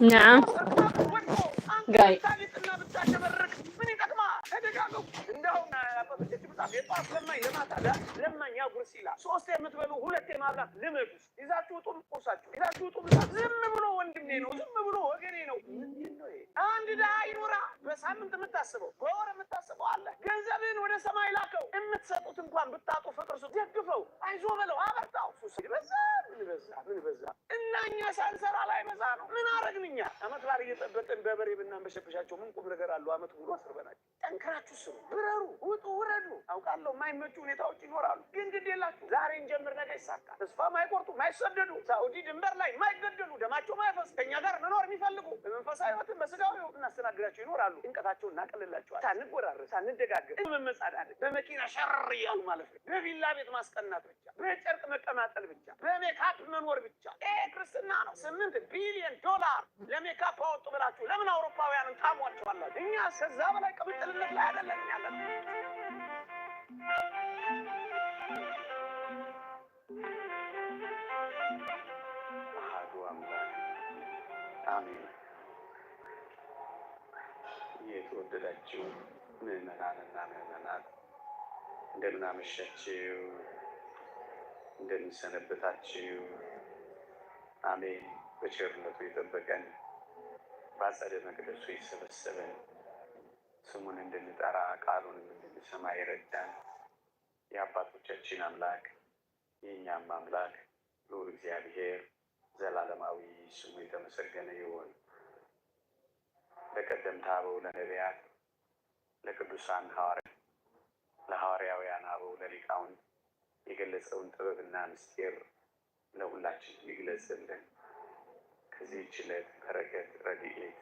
No. Guy. ጠዋት ለማኝ ለማታ ለማኝ አጉርስ ይላል። ሶስት የምትበሉ ሁለት የማብላት ልመዱ። ይዛችሁ ውጡ ቁርሳችሁ፣ ይዛችሁ ውጡ ምሳ። ዝም ብሎ ወንድሜ ነው፣ ዝም ብሎ ወገኔ ነው። አንድ ድሃ ይኖራ በሳምንት የምታስበው በወር የምታስበው አለ። ገንዘብህን ወደ ሰማይ ላከው። የምትሰጡት እንኳን ብታጡ ፍቅር ሱ ደግፈው፣ አይዞ በለው፣ አበርታው። በዛ ምን በዛ ምን በዛ እና እኛ ሳንሰራ ላይ በዛ ነው። ምን አረግንኛ? አመት ባር እየጠበቅን በበሬ ብናንበሸበሻቸው ምን ቁም ነገር አለው? አመት ሙሉ አስርበናቸው። ጠንክራችሁ ስሩ፣ ብረሩ፣ ውጡ እወጣለሁ። የማይመቹ ሁኔታዎች ይኖራሉ፣ ግን ግድ የላችሁ። ዛሬን ጀምር፣ ነገ ይሳካል። ተስፋ ማይቆርጡ ማይሰደዱ፣ ሳውዲ ድንበር ላይ ማይገደሉ፣ ደማቸው ማይፈስ፣ ከኛ ጋር መኖር የሚፈልጉ በመንፈሳዊ ሕይወትን በስጋዊ ሕይወት እናስተናግዳቸው ይኖራሉ። ጭንቀታቸውን እናቀልላቸዋል። ሳንጎራረስ፣ ሳንደጋገፍ፣ በመመጻዳደር በመኪና ሸር እያሉ ማለት ነው። በቪላ ቤት ማስቀናት ብቻ፣ በጨርቅ መቀማጠል ብቻ፣ በሜካፕ መኖር ብቻ። ይሄ ክርስትና ነው። ስምንት ቢሊዮን ዶላር ለሜካፕ አወጡ ብላችሁ ለምን አውሮፓውያንን ታሟቸዋላችሁ? እኛ ከዛ በላይ ቅብጥልነት ላይ አይደለም ያለን። አሐዱ አምላክ አሜን። የተወደዳችሁ ምዕመናንና ምዕመናት እንደምን አመሻችሁ? እንደምን ሰነበታችሁ? አሜን። በቸርነቱ የጠበቀን በአጸደ መቅደሱ የሰበሰበን ስሙን እንድንጠራ ቃሉን እንድንሰማ ይረዳን። የአባቶቻችን አምላክ የእኛም አምላክ ልዑል እግዚአብሔር ዘላለማዊ ስሙ የተመሰገነ ይሁን። ለቀደምት አበው ለነቢያት፣ ለቅዱሳን ሐዋርያት፣ ለሐዋርያውያን አበው ለሊቃውንት የገለጸውን ጥበብና ምስጢር ለሁላችን ይግለጽልን። ከዚህ ችለት በረከት ረድኤት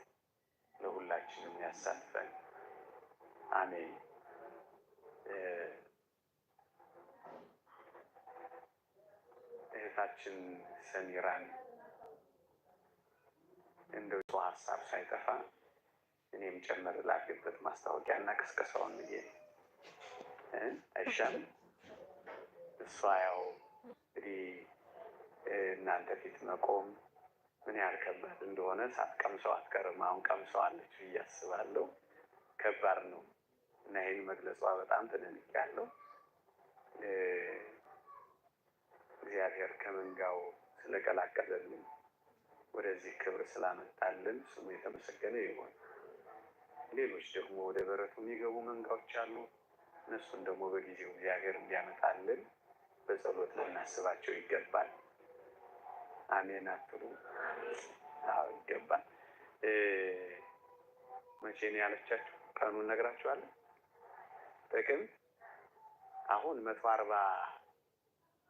ለሁላችንም ያሳትፈን። አሜን። እህታችን ሰሚራን እንደው ሀሳብ ሳይጠፋ እኔም ጨምር ላፊበት ማስታወቂያ እና ቅስቀሳውን ብዬ አይሻም። እሷ ያው እንግዲህ እናንተ ፊት መቆም ምን ያህል ከባድ እንደሆነ ሳትቀምሰው አትቀርም። አሁን ቀምሰዋለች ብዬ አስባለሁ። ከባድ ነው እና ይህን መግለጿ በጣም ትንንቅ ያለው እግዚአብሔር ከመንጋው ስለቀላቀለልን ወደዚህ ክብር ስላመጣልን ስሙ የተመሰገነ ይሆን። ሌሎች ደግሞ ወደ በረቱ የሚገቡ መንጋዎች አሉ። እነሱን ደግሞ በጊዜው እግዚአብሔር እንዲያመጣልን በጸሎት ልናስባቸው ይገባል። አሜን አትሉ? አዎ ይገባል። መቼ ነው ያለቻችሁ? ቀኑን ነግራችኋለን። ጥቅምት አሁን መቶ አርባ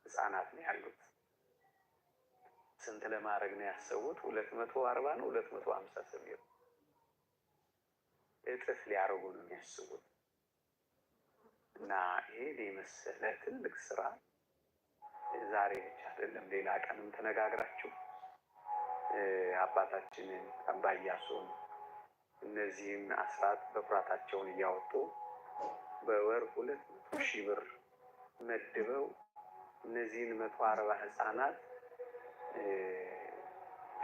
ህጻናት ነው ያሉት። ስንት ለማድረግ ነው ያሰቡት? ሁለት መቶ አርባ ነው ሁለት መቶ ሀምሳ እጥፍ ሊያደርጉ ነው የሚያስቡት። እና ይሄ የመሰለ ትልቅ ስራ ዛሬ ብቻ አይደለም ሌላ ቀንም ተነጋግራችሁ አባታችንን አባ ኢያሱን እነዚህም አስራት በኩራታቸውን እያወጡ በወር ሁለት መቶ ሺህ ብር መድበው እነዚህን መቶ አርባ ህፃናት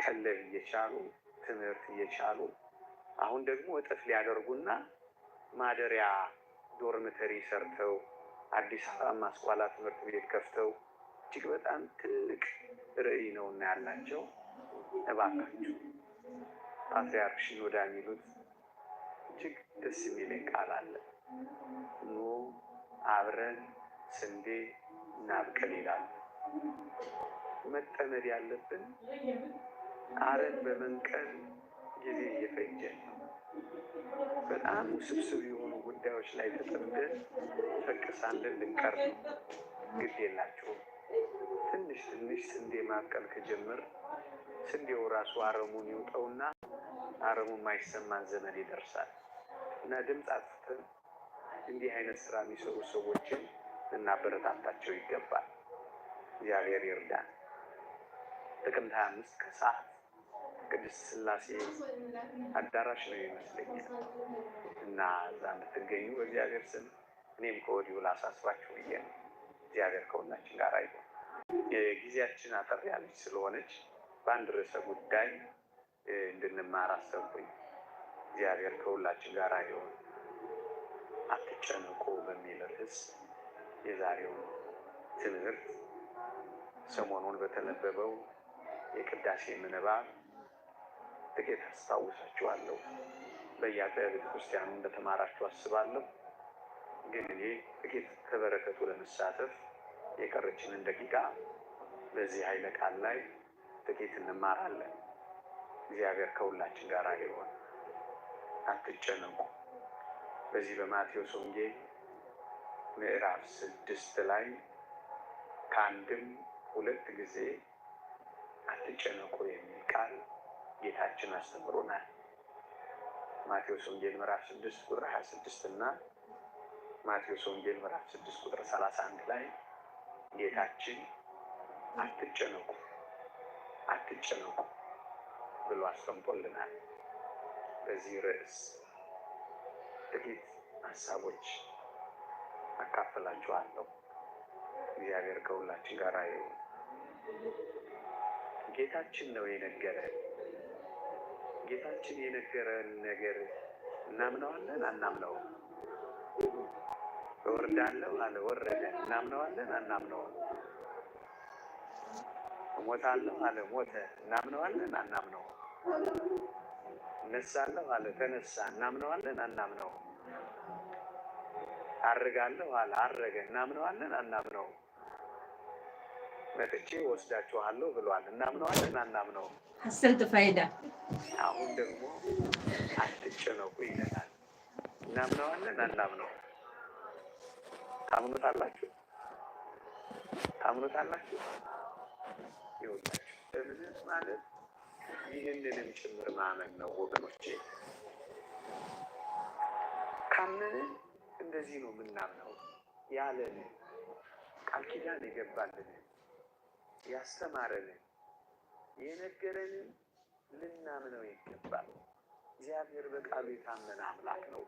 ቀለብ እየቻሉ ትምህርት እየቻሉ አሁን ደግሞ እጥፍ ሊያደርጉና ማደሪያ ዶርምተሪ ሰርተው አዲስ አበባ ማስቋላ ትምህርት ቤት ከፍተው እጅግ በጣም ትልቅ ርዕይ ነውና ያላቸው። እባካቸው ፓትሪያርክሽን ወዳ የሚሉት እጅግ ደስ የሚለኝ ቃል አለ ኑ አብረን ስንዴ እናብቀል ይላል። መጠመድ ያለብን አረም በመንቀል ጊዜ እየፈጀ ነው። በጣም ውስብስብ የሆኑ ጉዳዮች ላይ ተጠምደን ፈቅሳለን ልንቀር ነው። ግድ የላቸውም። ትንሽ ትንሽ ስንዴ ማብቀል ከጀምር ስንዴው ራሱ አረሙን ይውጠውና አረሙ የማይሰማን ዘመን ይደርሳል እና ድምፅ አጥፍተን እንዲህ አይነት ስራ የሚሰሩ ሰዎችን በረታታቸው ይገባል። እግዚአብሔር ይርዳን። ጥቅምት ሀያ አምስት ከሰዓት ቅድስት ስላሴ አዳራሽ ነው ይመስለኛል እና እዛ የምትገኙ በእግዚአብሔር ስም እኔም ከወዲሁ ላሳስባችሁ ብዬ ነው። እግዚአብሔር ከሁላችን ጋር አይ የጊዜያችን አጠር ያለች ስለሆነች በአንድ ርዕሰ ጉዳይ እንድንማር አሰብኩኝ። እግዚአብሔር ከሁላችን ጋር አይሆን፣ አትጨነቁ በሚል ርዕስ የዛሬው ትምህርት ሰሞኑን በተነበበው የቅዳሴ ምንባብ ጥቂት አስታውሳችኋለሁ። በየአጥቢያ ቤተ ክርስቲያኑ እንደተማራችሁ አስባለሁ። ግን እኔ ጥቂት ከበረከቱ ለመሳተፍ የቀረችንን ደቂቃ በዚህ ኃይለ ቃል ላይ ጥቂት እንማራለን። እግዚአብሔር ከሁላችን ጋር ይሆን። አትጨነቁ። በዚህ በማቴዎስ ወንጌል ምዕራፍ ስድስት ላይ ከአንድም ሁለት ጊዜ አትጨነቁ የሚል ቃል ጌታችን አስተምሮናል። ማቴዎስ ወንጌል ምዕራፍ ስድስት ቁጥር ሀያ ስድስት እና ማቴዎስ ወንጌል ምዕራፍ ስድስት ቁጥር ሰላሳ አንድ ላይ ጌታችን አትጨነቁ አትጨነቁ ብሎ አስቀምጦልናል። በዚህ ርዕስ ጥቂት ሀሳቦች አካፍላችኋለሁ። እግዚአብሔር ከሁላችን ጋር ይሁን። ጌታችን ነው የነገረን። ጌታችን የነገረን ነገር እናምነዋለን አናምነውም? እወርዳለሁ አለ ወረደ። እናምነዋለን አናምነውም? እሞታለሁ አለ ሞተ። እናምነዋለን አናምነውም? እነሳለሁ አለ ተነሳ። እናምነዋለን አናምነውም? አርጋለሁ አለ። አረገ። እናምነዋለን አናምነው? መጥቼ ወስዳችኋለሁ ብሏል። እናምነዋለን አናምነው? አስልት ፋይዳ አሁን ደግሞ አትጨነቁ ይለናል። እናምነዋለን አናምነው? ታምኑታላችሁ? ታምኑታላችሁ? ይኸውላችሁ እምነት ማለት ይህንንም ጭምር ማመን ነው ወገኖቼ ካመንን እንደዚህ ነው የምናምነው ያለን ቃል ኪዳን የገባልን ያስተማረን የነገረን ልናምነው ይገባል። እግዚአብሔር በቃሉ የታመነ አምላክ ነው።